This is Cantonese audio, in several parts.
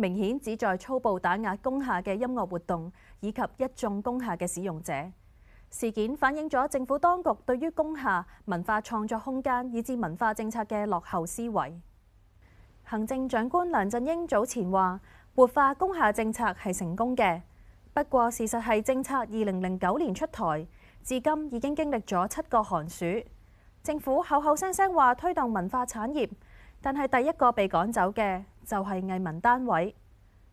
明顯旨在粗暴打壓工廈嘅音樂活動，以及一眾工廈嘅使用者。事件反映咗政府當局對於工廈文化創作空間以至文化政策嘅落後思維。行政長官梁振英早前話：活化工廈政策係成功嘅。不過事實係政策二零零九年出台，至今已經經歷咗七個寒暑。政府口口聲聲話推動文化產業，但係第一個被趕走嘅，就係藝民單位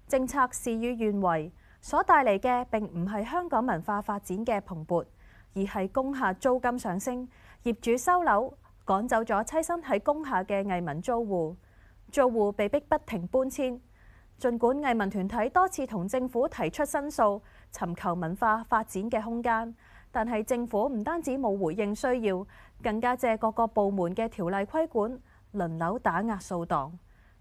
政策事與願違，所帶嚟嘅並唔係香港文化發展嘅蓬勃，而係工廈租金上升，業主收樓趕走咗棲身喺工廈嘅藝民租戶，租戶被逼不停搬遷。儘管藝民團體多次同政府提出申訴，尋求文化發展嘅空間，但係政府唔單止冇回應需要，更加借各個部門嘅條例規管，輪流打壓掃蕩。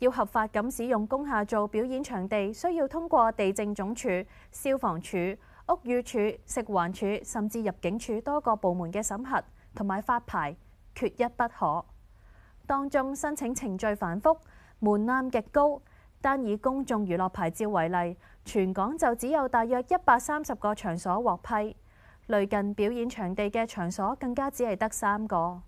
要合法咁使用工廈做表演場地，需要通過地政總署、消防署、屋宇署、食環署甚至入境處多個部門嘅審核同埋發牌，缺一不可。當中申請程序繁複，門檻極高。單以公眾娛樂牌照為例，全港就只有大約一百三十個場所獲批，類近表演場地嘅場所更加只係得三個。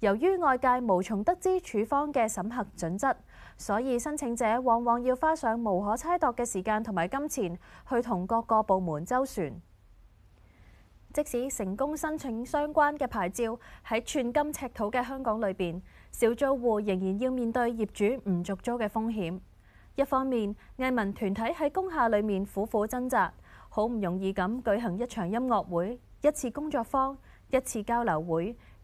由於外界無從得知署方嘅審核準則，所以申請者往往要花上無可猜度嘅時間同埋金錢去同各個部門周旋。即使成功申請相關嘅牌照，喺寸金尺土嘅香港裏邊，小租戶仍然要面對業主唔續租嘅風險。一方面，藝文團體喺工廈裏面苦苦掙扎，好唔容易咁舉行一場音樂會、一次工作坊、一次交流會。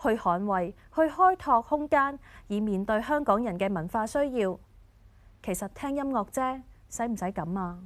去捍衞、去開拓空間，以面對香港人嘅文化需要，其實聽音樂啫，使唔使咁啊？